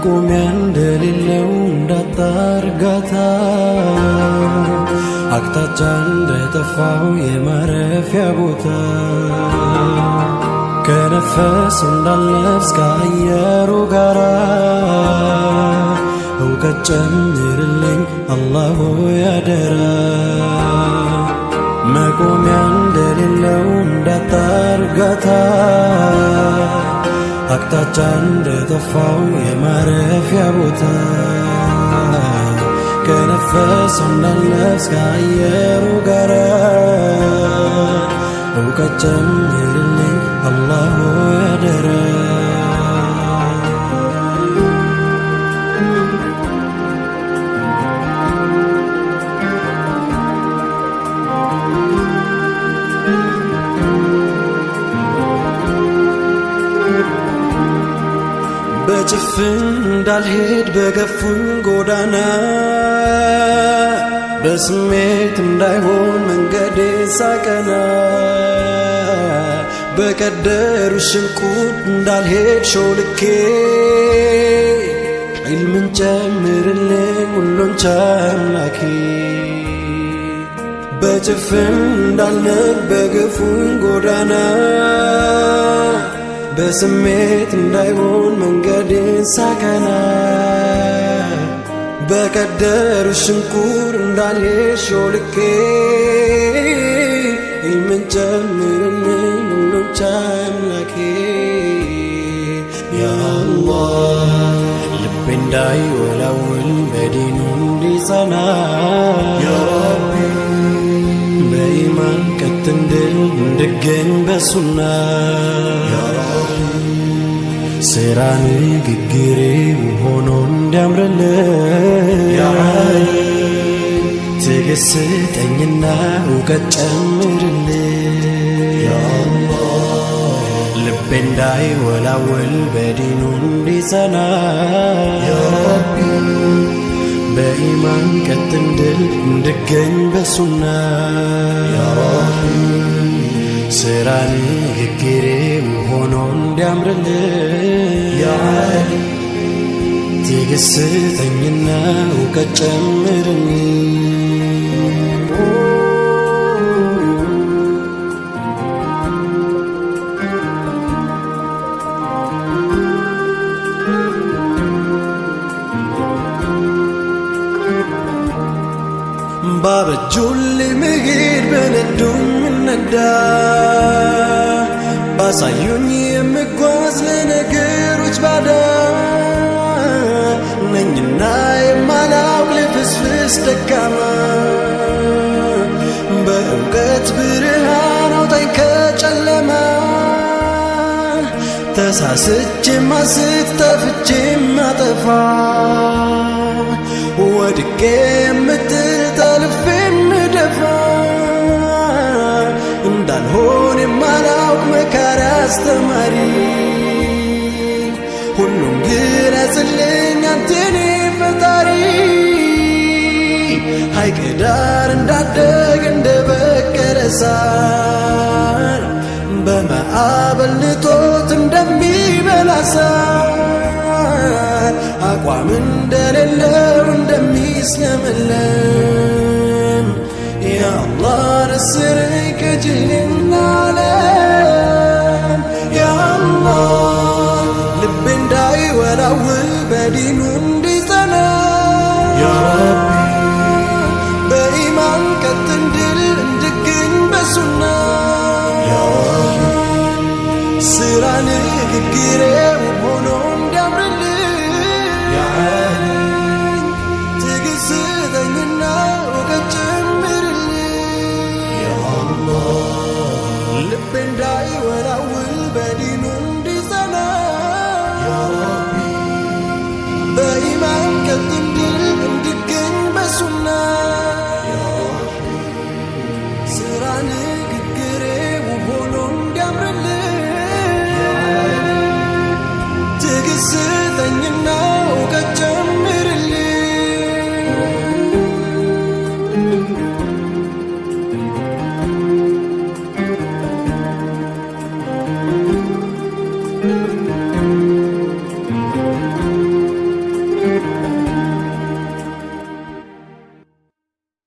መቆሚያ እንደሌለው እንዳጣ እርጋታ አቅጣጫ እንደጠፋው የማረፊያ ቦታ ከነፈስ እንዳለብስ ከአየሩ ጋራ እውቀት ጨምርልኝ አላሁ ያደራ መቆሚያ እንደሌለው እንዳጣ እርጋታ አቅጣጫ እንደጠፋው የማረፊያ ቦታ ከነፈስ እንዳለፍስ ከአየሩ ጋር እውቀት ጨምርልኝ አላህ በጭፍን እንዳልሄድ በገፉኝ ጎዳና በስሜት እንዳይሆን መንገዴ ሳቀና በቀደሩ ሽንቁድ እንዳልሄድ ሾልኬ ዒልምን ጨምርልኝ ሁሉን ቻምላኬ በጭፍን እንዳልነግ በግፉን ጎዳና በስሜት እንዳይሆን መንገዴን ሳቀና በቀደሩ ሽንኩር እንዳልሄድ ሾልኬ ይምን ጨምርልኝ ሙሉቻ አምላኬ ያአላህ ልቤ እንዳይወላውል በዲኑ እንዲጸና ያረቢ በኢማን ቀጥ እንድገኝ በሱና ስራ ንግግሬ ሆኖ እንዲያምርልን ያራይ ትዕግስት ስጠኝና እውቀት ጨምርልን ልቤ እንዳይወላወል በዲኑ እንዲጸና ያረቢ በኢማን ቀጥ እንድል እንድገኝ በሱና ያረቢ ስራ ንግግሬ ሆኖ നിന്റെ അമ്രല് തികസ് തങ്ങുന്ന ഉക്കച്ചമരുന്ന് باب الجل مغير بين الدم من الدار አሳዩኝ የምጓዝ ለነገሮች ባዳ ነኝና የማላውቅ ልፍስፍስ ደካማ በእውቀት ብርሃን አውጣኝ ከጨለማ ተሳስቼ ማስት ጠፍቼ ማጠፋ ወድቄ የምትል ጠልፌ ምደፋ እንዳልሆን የማላውቅ መካ አስተማሪ ሁሉም ግለጽልኝ አንተን ፈጣሪ ሐይቅ ዳር እንዳደግ እንደ በቀለ ሳር በማዕበል እንደሚበላ ሳር አቋም እንደሌለው እንደሚስለመለም የአላህ ንስር ከጅልን ዲኑ እንዲጸና ያ ረቢ በኢማን ቀጥ እንድል እንድገኝ በሱና ስራ ንግግሬ ሆኖ እንዲያምርልኝ ያ አሊ ትዕግስት እውቀት ጨምርልኝ ልቤ እንዳይወላውል በዲኑ